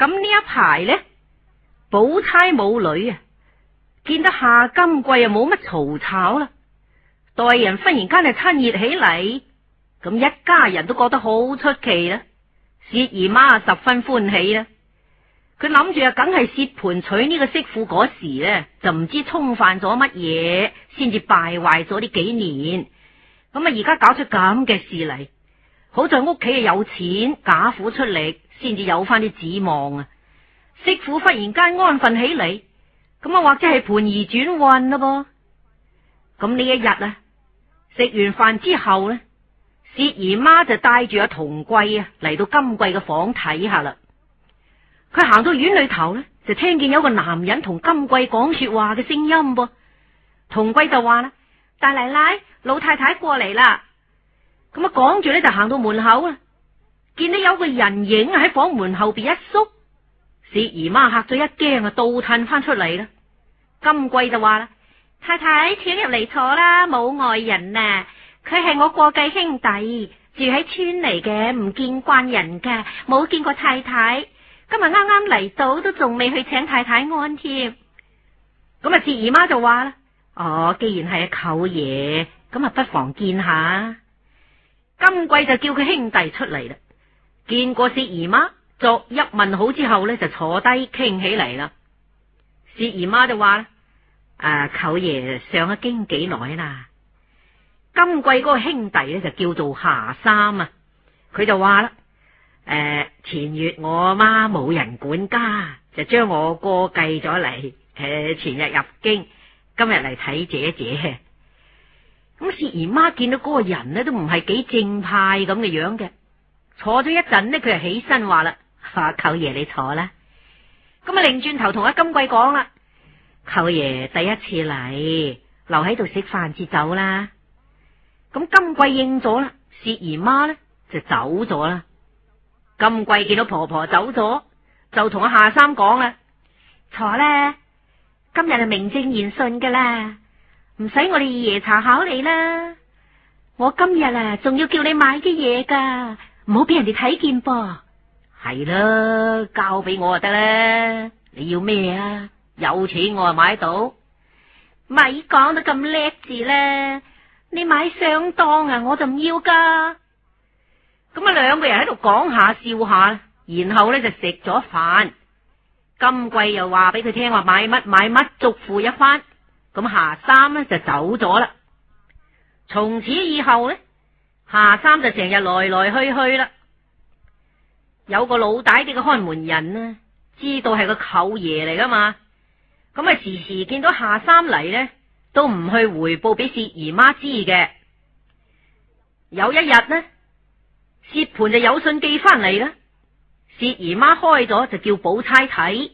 咁呢一排咧，寶釵母女啊，見得夏金桂又冇乜嘈吵啦，待人忽然間就親熱起嚟，咁一家人都覺得好出奇啦。薛姨媽十分歡喜啦。佢諗住啊，梗係薛蟠娶呢個媳婦嗰時咧，就唔知沖犯咗乜嘢，先至敗壞咗呢幾年。咁啊，而家搞出咁嘅事嚟，好在屋企啊有錢，賈府出力。先至有翻啲指望啊！媳婦忽然間安分起嚟，咁啊或者係盤兒轉運啦噃。咁呢一日啊，食完飯之後咧，薛 姨媽就帶住阿童貴啊嚟到金貴嘅房睇下啦。佢行到院裏頭咧，就聽見有個男人同金貴講說話嘅聲音噃。童貴就話啦： 大奶奶、老太太過嚟啦。咁啊，講住咧就行到門口啦。見到有個人影喺房門後邊一縮，薛姨媽嚇咗一驚啊，倒褪翻出嚟啦。金桂就話啦：太太，請入嚟坐啦，冇外人啊。佢係我過繼兄弟，住喺村嚟嘅，唔見慣人嘅，冇見過太太。今日啱啱嚟到，都仲未去請太太安添。咁啊，薛姨媽就話啦：哦，既然係阿舅爺，咁啊，不妨見下。金桂就叫佢兄弟出嚟啦。見過薛姨媽，作一問好之後咧，就坐低傾起嚟啦。薛姨媽就話：，啊，舅爺上咗京幾耐啦？金桂嗰個兄弟咧就叫做夏三啊，佢就話啦：，誒，前月我媽冇人管家，就將我過繼咗嚟。誒，前日入京，今日嚟睇姐姐。咁薛姨媽見到嗰個人咧，都唔係幾正派咁嘅樣嘅。坐咗一陣呢，佢就起身話啦：，舅爺、啊、你坐啦。咁啊，擰轉頭同阿金貴講啦：，舅爺第一次嚟，留喺度食飯至走啦。咁金貴應咗啦，薛姨媽咧就走咗啦。金貴見到婆婆走咗，就同阿、啊、夏三講啦：，坐啦，今日係名正言順噶啦，唔使我哋二爺查考你啦。我今日啊，仲要叫你買啲嘢噶。唔好俾人哋睇見噃，係咯，交俾我就得啦。你要咩啊？有錢我啊買得到，咪講得咁叻字咧。你買上當啊，我就唔要噶。咁啊，兩個人喺度講下笑下，然後咧就食咗飯。金桂又話俾佢聽話買乜買乜，囑咐一番。咁下三咧就走咗啦。從此以後咧。夏三就成日，來來去去啦，有個老大啲嘅看門人呢，知道係個舅爺嚟噶嘛，咁啊時時見到夏三嚟呢，都唔去回報俾薛姨媽知嘅。有一日呢，薛蟠就有信寄翻嚟啦，薛姨媽開咗就叫寶釵睇，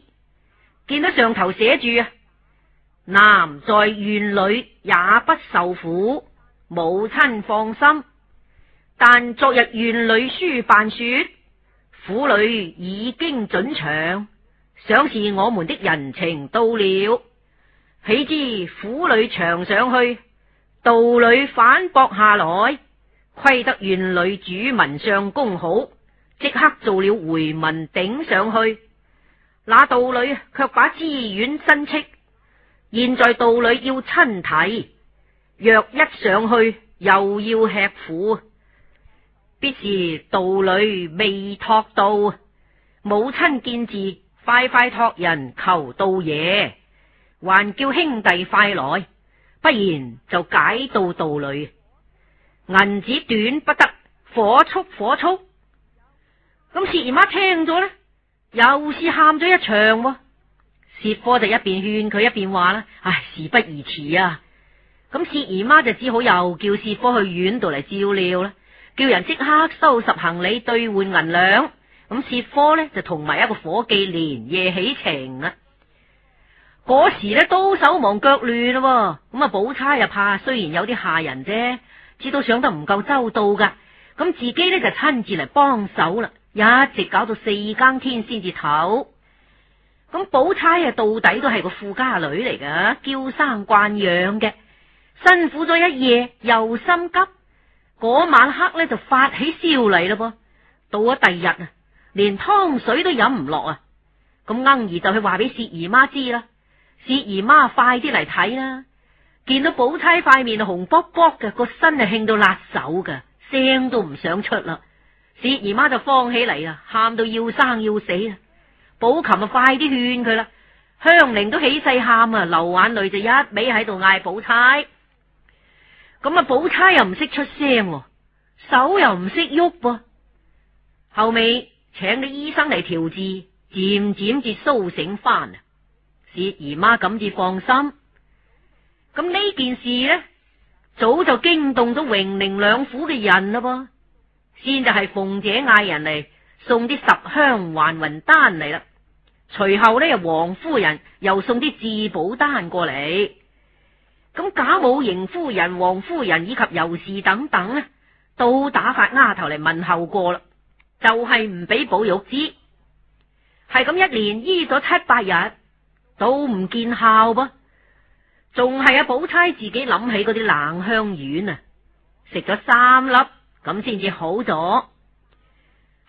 見到上頭寫住啊，男在院裏也不受苦，母親放心。但昨日縣裏書辦說，府裏已經准場，想是我們的人情到了，豈知府裏長上去，道裏反駁下來，虧得縣裏主文相公好，即刻做了回文頂上去，那道裏卻把資源申斥，現在道裏要親體，若一上去又要吃苦。必是道侶未託到，母親見字快快託人求道爺，還叫兄弟快來，不然就解道道侶。銀子短不得，火速火速。咁薛姨媽聽咗呢，又是喊咗一場。薛蝌就一邊勸佢，一邊話啦，唉，時不宜遲啊！咁薛姨媽就只好又叫薛蝌去院度嚟照料啦。叫人即刻收拾行李兌換銀兩，咁薛蝌呢就同埋一個夥計連夜起程啊！嗰時呢都手忙腳亂咯，咁啊，寶釵又怕，雖然有啲下人啫，至到想得唔夠周到噶，咁自己呢就親自嚟幫手啦，一直搞到四更天先至唞。咁寶蝌啊，到底都係個富家女嚟噶，嬌生慣養嘅，辛苦咗一夜又心急。嗰晚黑咧就發起燒嚟咯噃，到咗第二日啊，連湯水都飲唔落啊！咁鶯兒就去話俾薛姨媽知啦，薛姨媽快啲嚟睇啦！見到寶釵塊面紅卜卜嘅，個身啊興到辣手嘅，聲都唔想出啦！薛姨媽就放起嚟啊，喊到要生要死啊！寶琴啊，快啲勸佢啦！香菱都起勢喊啊，流眼淚就一味喺度嗌寶釵。咁啊，寶釵又唔識出聲，啊，手又唔識喐啵。後尾請個醫生嚟，調治，漸漸至蘇醒翻啊！薛姨媽咁至放心。咁呢件事呢，早就驚動咗榮寧兩府嘅人咯噃。先就係鳳姐嗌人嚟送啲十香還魂丹嚟啦，隨後呢，又王夫人又送啲治保丹過嚟。咁賈母、邢夫人、王夫人以及尤氏等等咧，都打發丫頭嚟問候過啦，就係唔俾寶玉知，係咁一連醫咗七八日都唔見效噃，仲係阿寶釵自己諗起嗰啲冷香丸啊，食咗三粒咁先至好咗。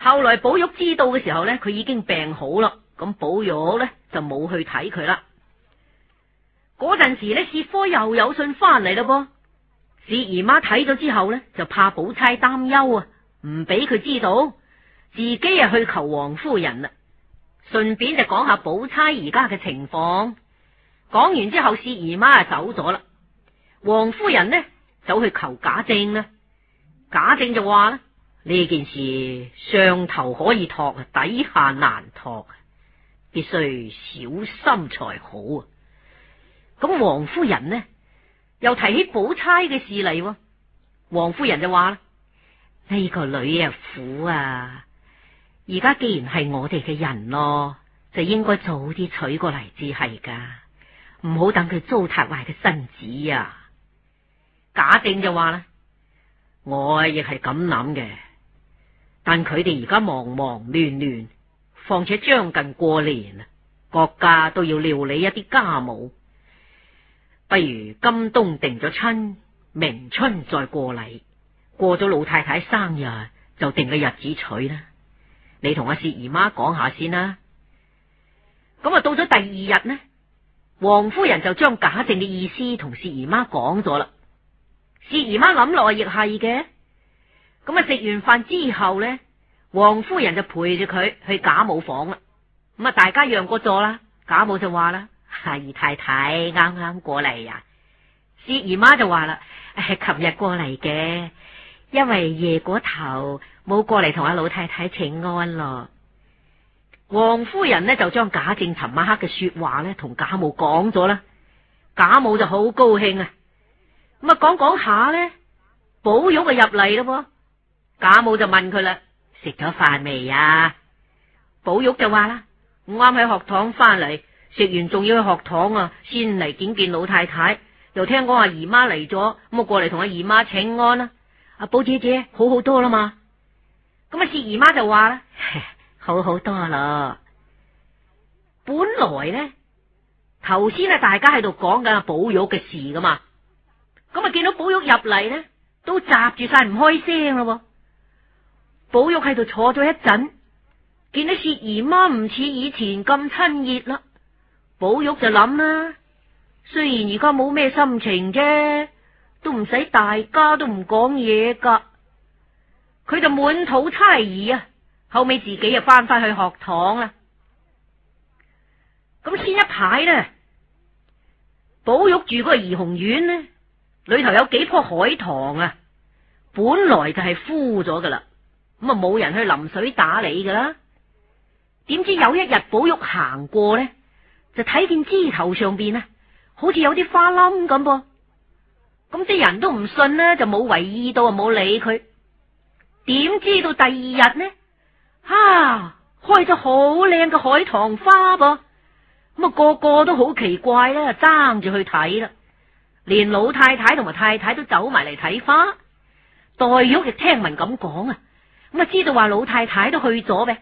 後來寶玉知道嘅時候咧，佢已經病好啦，咁寶玉咧就冇去睇佢啦。嗰陣時呢，薛蝌又有信翻嚟啦噃。薛姨媽睇咗之後呢，就怕寶釵擔憂啊，唔俾佢知道，自己啊去求王夫人啦。順便就講下寶釵而家嘅情況。講完之後，薛姨媽啊走咗啦。王夫人呢走去求賈政啦。賈政就話啦：呢件事上頭可以託，底下難託，必須小心才好啊。咁王夫人呢，又提起寶釵嘅事嚟，啊。王夫人就話：啦，呢個女啊苦啊，而家既然係我哋嘅人咯，就應該早啲娶過嚟，至係噶，唔好等佢糟蹋壞嘅身子啊。賈政就話啦：我亦係咁諗嘅，但佢哋而家忙忙亂亂，況且將近過年啦，各家都要料理一啲家務。不如今冬定咗親，明春再過禮。過咗老太太生日就定個日子娶啦。你同阿薛姨媽講下先啦。咁、嗯、啊，到咗第二日呢，王夫人就將賈政嘅意思同薛姨媽講咗啦。薛姨媽諗落亦係嘅。咁、嗯、啊，食完飯之後呢，王夫人就陪住佢去賈母房啦。咁啊，大家讓個座啦，賈母就話啦。二、哎、太太啱啱過嚟呀、啊，薛姨、姨媽就話啦：琴、哎、日過嚟嘅，因為夜嗰頭冇過嚟同阿老太太請安咯。王夫人呢就將賈政尋晚黑嘅說話呢同賈母講咗啦，賈母就好高興啊。咁啊，講講下呢，寶玉就入嚟咯。賈母就問佢啦：食咗飯未啊？寶玉就話啦：我啱喺學堂翻嚟。食完仲要去學堂啊！先嚟見見老太太，又聽講阿姨媽嚟咗，咁啊過嚟同阿姨媽請安啦、啊。阿寶啊姐姐好好多啦嘛，咁啊薛姨媽就話啦，好好多啦。本來呢，頭先啊大家喺度講緊阿寶玉嘅事噶嘛，咁啊見到寶玉入嚟呢，都閘住晒唔開聲啦。寶玉喺度坐咗一陣，見到薛姨媽唔似以前咁親熱啦。寶玉就諗啦，雖然而家冇咩心情啫，都唔使大家都唔講嘢噶。佢就滿肚猜疑啊，後尾自己就翻翻去學堂啦。咁先一排呢，寶玉住嗰個怡紅院呢，裏頭有幾棵海棠啊，本來就係枯咗噶啦，咁啊冇人去淋水打理噶啦。點知有一日寶玉行過呢。就睇見枝頭上邊啊，好似有啲花冧咁噃，咁啲人都唔信呢，就冇為意到啊，冇理佢。點知道第二日呢？啊，開咗好靚嘅海棠花噃，咁啊個個都好奇怪啦，就爭住去睇啦，連老太太同埋太太都走埋嚟睇花。黛玉亦聽聞咁講啊，咁啊知道話老太太都去咗嘅。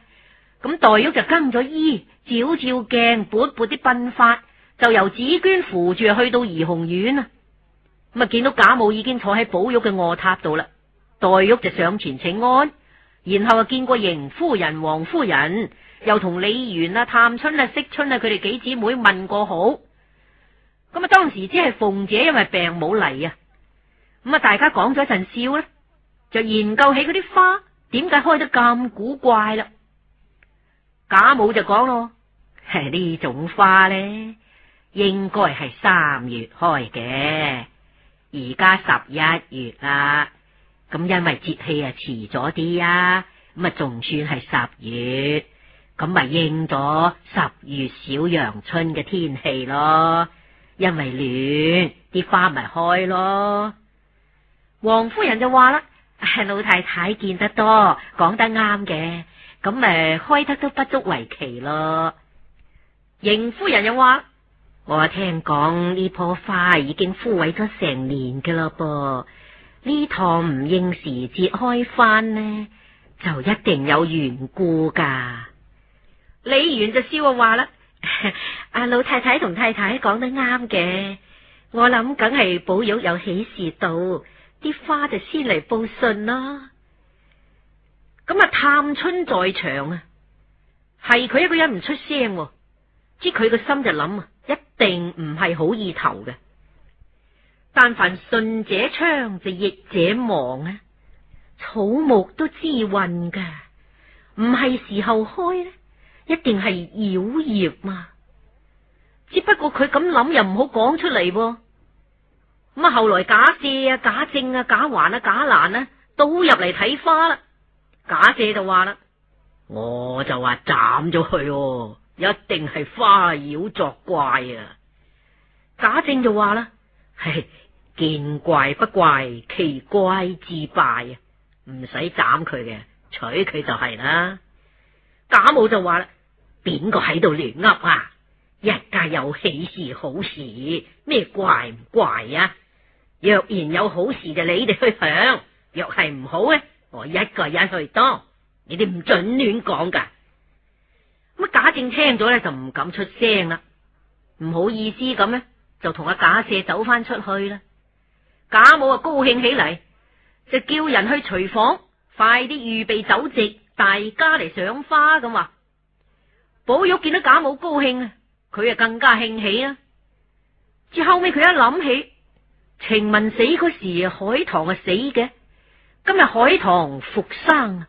咁黛玉就更咗衣照照鏡，撥撥啲鬢髮，就由紫鵑，扶住去到怡紅院啊！咁啊，見到賈母已經坐喺寶玉嘅卧榻度啦，黛玉就上前請安，然後啊，見過邢夫人、王夫人，又同李紈啦、探春啦、惜春啦，佢哋幾姊妹問過好。咁啊，當時即係鳳姐因為病冇嚟啊，咁啊，大家講咗一陣笑呢，就研究起嗰啲花點解開得咁古怪啦。賈母就講咯，呢種花咧應該係三月開嘅，而家十一月啦，咁因為節氣啊遲咗啲啊，咁啊仲算係十月，咁咪應咗十月小陽春嘅天氣咯，因為暖啲花咪開咯。王夫人就話啦，係老太太見得多，講得啱嘅。咁咪開得都不足為奇咯。邢夫人又話：我聽講呢棵花已經枯萎咗成年噶咯噃，呢趟唔應時節開翻，呢，就一定有緣故噶。李紈就笑我話啦：阿老太太同太太講得啱嘅，我諗梗係寶玉有喜事到，啲花就先嚟報信啦。咁啊！探春在場啊，係佢一個人唔出聲，知佢個心就諗啊，一定唔係好意頭嘅。但凡順者昌就逆者亡啊，草木都知運噶，唔係時候開呢，一定係妖孽啊。只不過佢咁諗又唔好講出嚟噃。咁啊，後來賈赦啊、賈政啊、賈環啊、賈蘭啊，都入嚟睇花啦。賈赦就話啦，我就話斬咗佢，一定係花妖作怪啊！賈政就話啦，見怪不怪，其怪自敗啊！唔使斬佢嘅，娶佢就係啦。賈母就話啦，邊個喺度亂噏啊？人家有喜事好事，咩怪唔怪啊？若然有好事就你哋去享，若係唔好咧、啊。我一個人去當，你哋唔准亂講噶咁啊，賈政聽咗咧就唔敢出聲啦，唔好意思咁呢，就同阿賈赦走翻出去啦。賈母啊高興起嚟，就叫人去廚房快啲預備酒席，大家嚟賞花咁話。寶玉見到賈母高興，佢啊更加興起啊。至後尾，佢一諗起晴雯死嗰時，海棠啊死嘅。今日海棠復生，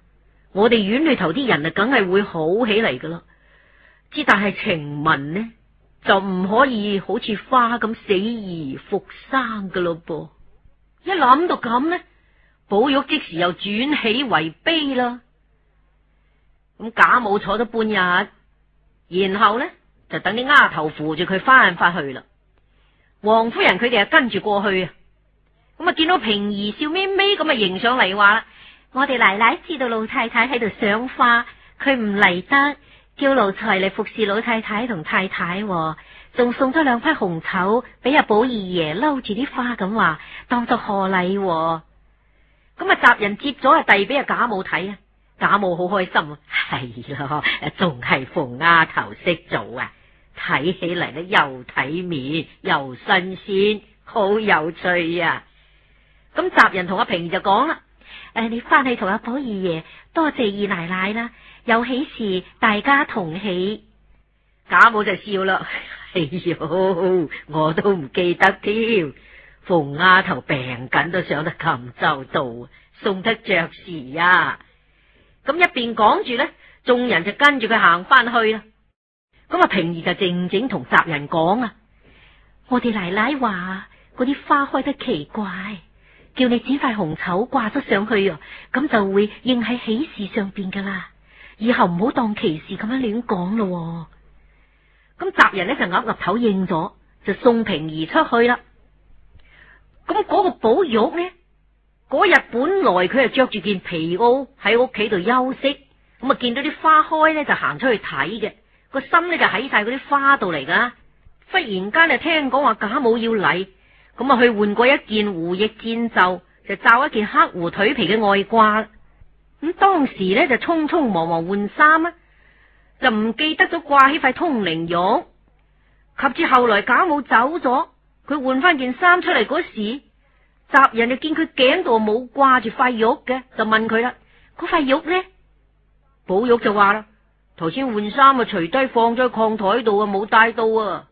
我哋院裏頭啲人啊，梗係會好起嚟噶啦。之但係晴雯呢，就唔可以好似花咁死而復生噶咯噃。一諗到咁呢，寶玉即時又轉喜為悲啦。咁賈母坐咗半日，然後呢就等啲丫頭扶住佢翻翻去啦。王夫人佢哋啊跟住過去。咁啊！見到平兒笑眯眯咁啊，迎上嚟話啦： 我哋奶奶知道老太太喺度賞花，佢唔嚟得，叫奴才嚟服侍老太太同太太，仲送咗兩批紅綢俾阿寶二爺，嬲住啲花咁話，當作賀禮。咁啊、嗯，襲人接咗啊，遞俾阿賈母睇啊，賈母好開心啊，係咯，仲係鳳丫頭識做啊，睇起嚟咧又體面又新鮮，好有趣啊！咁襲人同阿平兒就講啦，誒、啊，你翻去同阿寶二爺多謝二奶奶啦，有喜事大家同喜。賈母就笑啦，哎喲，我都唔記得添，鳳丫頭病緊都想得咁周到，送得着時啊。咁一邊講住咧，眾人就跟住佢行翻去啦。咁阿平兒就靜靜同襲人講啊，我哋奶奶話嗰啲花開得奇怪。叫你剪塊紅綢掛咗上去，咁就會應喺喜事上邊噶啦。以後唔好當奇事咁樣亂講咯。咁襲人呢就岌岌頭應咗，就送平兒出去啦。咁、那、嗰個寶玉呢？嗰日本來佢就着住件皮襖喺屋企度休息，咁啊見到啲花開呢就行出去睇嘅，個心呢就喺晒嗰啲花度嚟噶。忽然間就聽講話賈母要嚟。咁啊，去換過一件狐翼箭袖，就罩一件黑狐腿皮嘅外褂。咁當時呢就匆匆忙忙換衫啊，就唔記得咗掛起塊通靈玉。及至後來賈母走咗，佢換翻件衫出嚟嗰時，襲人就見佢頸度冇掛住塊玉嘅，就問佢啦：，嗰塊玉呢？寶玉就話啦：，頭先換衫啊，除低放咗喺炕台度啊，冇帶到啊。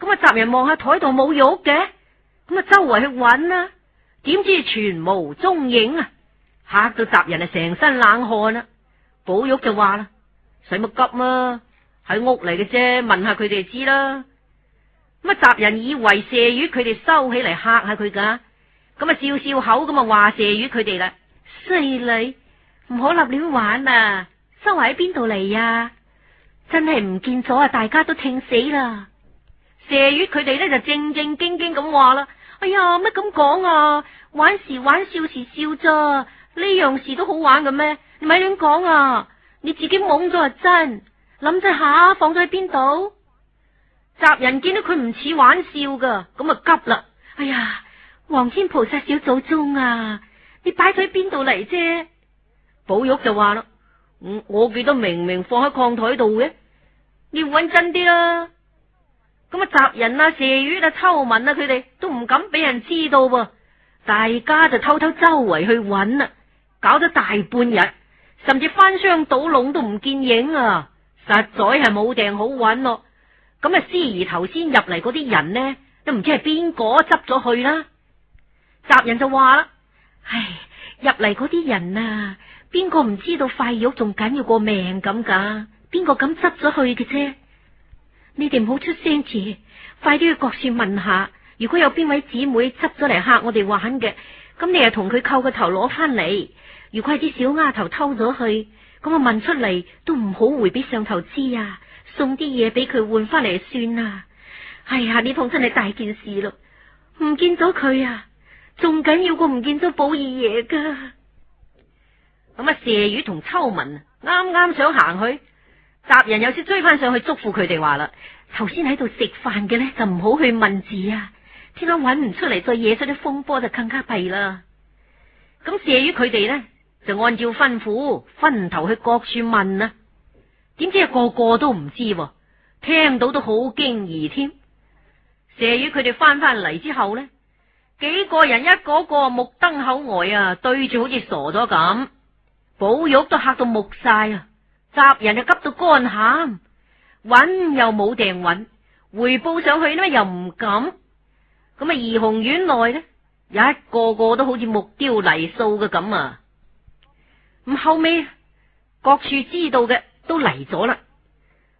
咁啊，襲人望下台度冇玉嘅。咁啊，周圍去搵啦，點知全無蹤影啊！吓到襲人啊，成身冷汗啦。寶玉就話啦：，使乜急啊，喺屋嚟嘅啫，問下佢哋就知啦。咁啊，襲人以為麝月佢哋收起嚟吓下佢噶、啊，咁啊笑笑口咁啊話麝月佢哋啦。犀利，唔好立亂玩啊！收埋喺邊度嚟啊？真係唔見咗啊！大家都聽死啦。麝月佢哋咧就正正經經咁話啦。哎呀，乜咁講啊？玩時玩笑時笑咋？呢樣事都好玩嘅咩？你咪亂講啊！你自己懵咗啊？真諗真下放咗喺邊度？襲人見到佢唔似玩笑噶，咁啊急啦！哎呀，黃天菩薩小祖宗啊！你擺咗喺邊度嚟啫？寶玉就話啦，我記得明明放喺炕台度嘅，你要穩真啲啊！咁啊！襲人啊、麝月啊、秋文啊，佢哋都唔敢俾人知道喎。大家就偷偷周圍去揾啦，搞咗大半日，甚至翻箱倒籠都唔見影啊！實在係冇定好揾咯。咁啊，思疑頭先入嚟嗰啲人呢，都唔知係邊個執咗去啦。襲人就話啦，唉，入嚟嗰啲人啊，邊個唔知道塊玉仲緊要過命咁噶？邊個敢執咗去嘅啫？你哋唔好出聲住，快啲去各處問下，如果有邊位姊妹執咗嚟吓我哋玩嘅，咁你又同佢扣個頭攞翻嚟。如果係啲小丫頭偷咗去，咁啊，問出嚟，都唔好回俾上頭知啊，送啲嘢俾佢換翻嚟算啦。哎呀，呢趟真係大件事咯，唔見咗佢啊，仲緊要過唔見咗寶二爺噶。咁啊，麝月同秋紋啱啱想行去。襲人有次追翻上去祝福，囑咐佢哋話啦：頭先喺度食飯嘅呢，就唔好去問字啊！天啊，搵唔出嚟，再惹出啲風波就更加弊啦。咁麝月佢哋呢，就按照吩咐分頭去各處問啊。點知個個都唔知、啊，聽到都好驚異添。麝月佢哋翻翻嚟之後呢，幾個人一個一個目瞪口呆啊，對住好似傻咗咁。寶玉都吓到木晒啊！襲人就急到乾喊，揾又冇定揾，回報上去呢，又唔敢。咁啊，怡紅院內呢，有一個個都好似木雕泥塑嘅咁啊！咁後尾，各處知道嘅都嚟咗啦。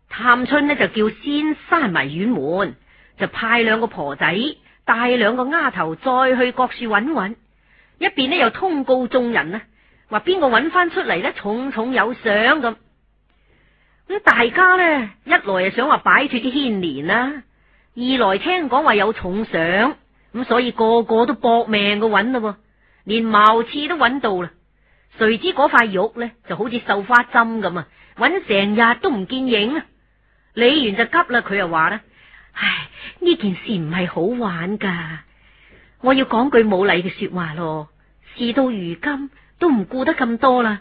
探春呢就叫先閂埋院門，就派兩個婆仔帶兩個丫頭再去各處揾揾，一邊呢又通告眾人啊，話邊個揾翻出嚟呢？重重有賞咁。咁大家咧，一來又想話擺脫啲牽連啦，二來聽講話有重賞，咁所以個個都搏命嘅揾咯，連茅廁都揾到啦。誰知嗰塊玉咧就好似繡花針咁啊，揾成日都唔見影啊。李紈就急啦，佢又話啦，唉，呢件事唔係好玩噶，我要講句冇禮嘅說話咯。事到如今都唔顧得咁多啦，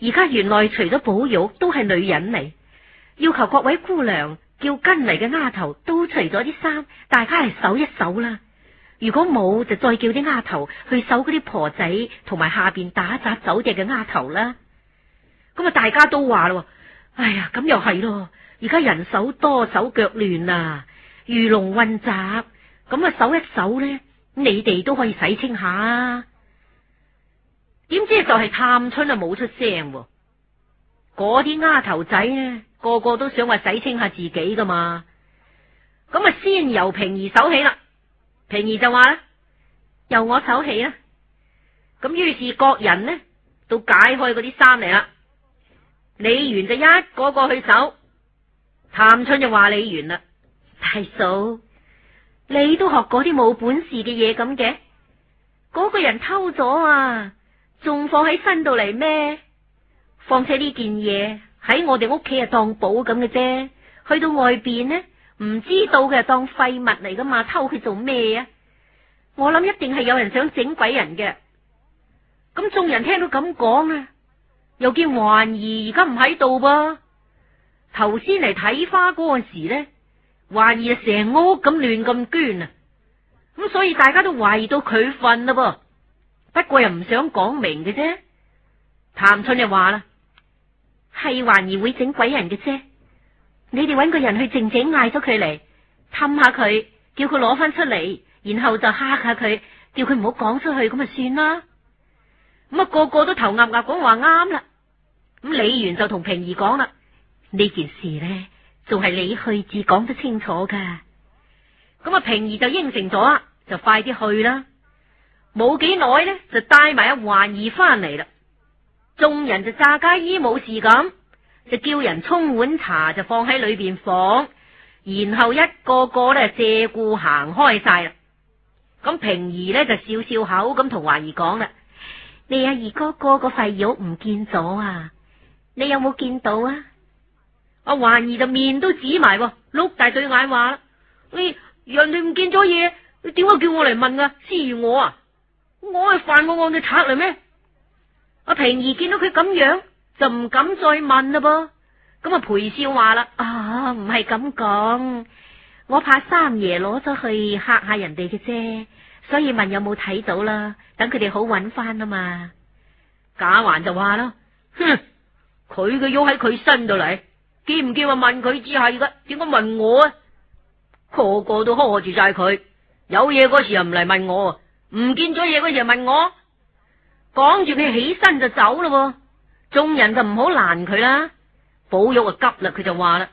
而家園內除咗寶玉都係女人嚟。要求各位姑娘叫跟嚟嘅丫頭都除咗啲衫，大家嚟搜一搜啦。如果冇就再叫啲丫頭去搜嗰啲婆仔同埋下邊打雜走店嘅丫頭啦。咁啊，大家都話咯，哎呀，咁又係咯。而家人手多手腳亂啊，魚龍混雜，咁啊，搜一搜咧，你哋都可以洗清下。點知就係探春啊，冇出聲。嗰啲丫頭仔呢？個個都想話洗清下自己噶嘛，咁咪先由平兒手起啦。平兒就話啦，由我手起啊。咁於是各人呢都解開嗰啲衫嚟啦。李紈就一個個去搜，探春就話李紈啦，大嫂，你都學嗰啲冇本事嘅嘢咁嘅，嗰、那個人偷咗啊，仲放喺身度嚟咩？況且呢件嘢。喺我哋屋企啊，當寶咁嘅啫。去到外邊呢，唔知道佢當廢物嚟㗎嘛，偷佢做咩啊？我諗一定係有人想整鬼人嘅。咁眾人聽到咁講啊，又見環兒而家唔喺度噃。頭先嚟睇花哥嗰時呢，環兒啊成屋咁亂咁捐啊。咁所以大家都懷疑到佢瞓喇噃。不過又唔想講明嘅啫。探春就話啦。係環兒會整鬼人嘅啫，你哋揾個人去靜靜嗌咗佢嚟，氹下佢，叫佢攞翻出嚟，然後就吓下佢，叫佢唔好講出去咁啊算啦。咁啊個個都頭鴨鴨講話啱啦。咁李元就同平兒講啦，呢件事咧仲係你去至講得清楚噶。咁啊平兒就應承咗，就快啲去啦。冇幾耐咧，就帶埋阿環兒翻嚟啦。眾人就詐假意冇事咁，就叫人沖碗茶就放喺裏邊房，然後一個個咧借故行開晒啦。咁平兒呢，就笑笑口咁同環兒講啦：你阿、啊、二哥哥個廢友唔見咗啊？你有冇見到啊？阿環兒就面都紫埋，碌大對眼話：你人哋唔見咗嘢，你點解叫我嚟問啊？思疑我啊，我係犯過案嘅賊嚟咩？阿平兒見到佢咁樣就唔敢再問啦噃，咁啊陪笑話啦，唔係咁講，我怕三爺攞咗去嚇下人哋嘅啫，所以問有冇睇到啦，等佢哋好揾翻啊嘛。賈環就話啦，哼，佢嘅腰喺佢身度嚟，見唔見話問佢至係噶點解問我啊？個個都呵住晒佢，有嘢嗰時又唔嚟問我，唔見咗嘢嗰時問我。講住佢起身就走，啊、眾就啦，眾人就唔好攔佢啦。寶玉啊急啦，佢就話啦，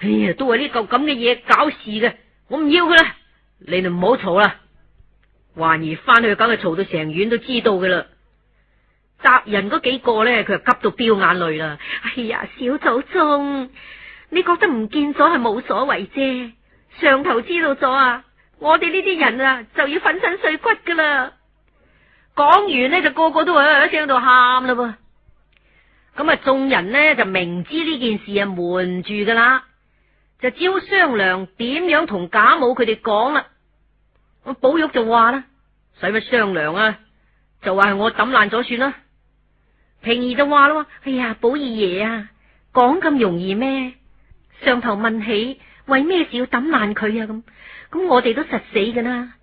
哎呀，都係呢嚿咁嘅嘢搞事嘅，我唔要佢啦，你哋唔好嘈啦。環兒翻去，梗係嘈到成院都知道噶啦。襲人嗰幾個咧，佢就急到飆眼淚啦。哎呀，小祖宗，你覺得唔見咗係冇所謂啫。上頭知道咗啊，我哋呢啲人啊就要粉身碎骨噶啦。講完呢，就個個都喺聲度喊嘞噃，咁啊眾人呢就明知呢件事啊瞞住噶啦，就只好商量點樣同賈母佢哋講啦。咁寶玉就話啦，使乜商量啊？就話係我抌爛咗算啦。平兒就話咯，哎呀，寶二爺啊，講咁容易咩？上頭問起，為咩事要抌爛佢啊？咁咁我哋都實死噶啦。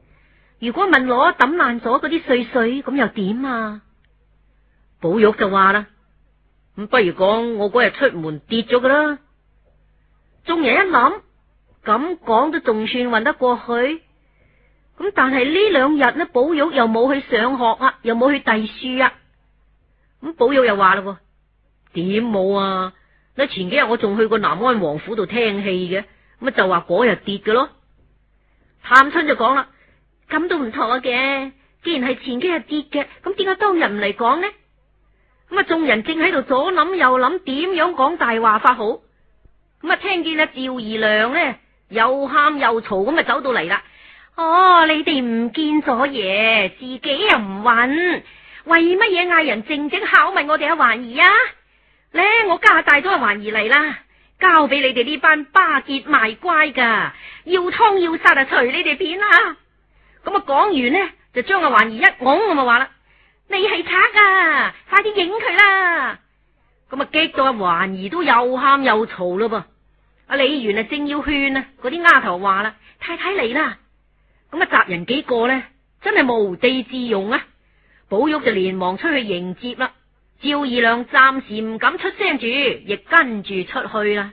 如果問攞抌爛咗嗰啲碎碎，咁又點啊？寶玉就話啦，咁不如講我嗰日出門跌咗噶啦。眾人一諗，咁講都仲算混得過去。咁但係呢兩日呢，寶玉又冇去上學去啊，又冇去遞書啊。咁寶玉又話啦，點冇啊？你前幾日我仲去過南安王府度聽戲嘅，咁就話嗰日跌噶咯。探春就講啦。咁都唔妥嘅，既然係前幾日跌嘅，咁點解當人唔嚟講呢？咁啊，眾人正喺度左諗右諗，點樣講大話法好？咁啊，聽見阿趙姨娘咧，又喊又嘈咁啊，走到嚟啦！哦，你哋唔見咗嘢，自己又唔搵，為乜嘢嗌人正正拷問我哋阿環兒啊？咧，我家下帶咗阿環兒嚟啦，交俾你哋呢班巴結賣乖噶，要劏要殺啊，隨你哋片啊！咁啊，講完呢，就將阿環兒一拱，我咪話啦，你係賊啊，快啲影佢啦！咁啊，激到阿環兒都又喊又嘈咯噃。阿、啊、李元啊，正要勸啊，嗰啲丫頭話啦，太太嚟啦，咁啊，襲人幾個呢，真係無地自容啊！寶玉就連忙出去迎接啦，趙姨娘暫時唔敢出聲住，亦跟住出去啦。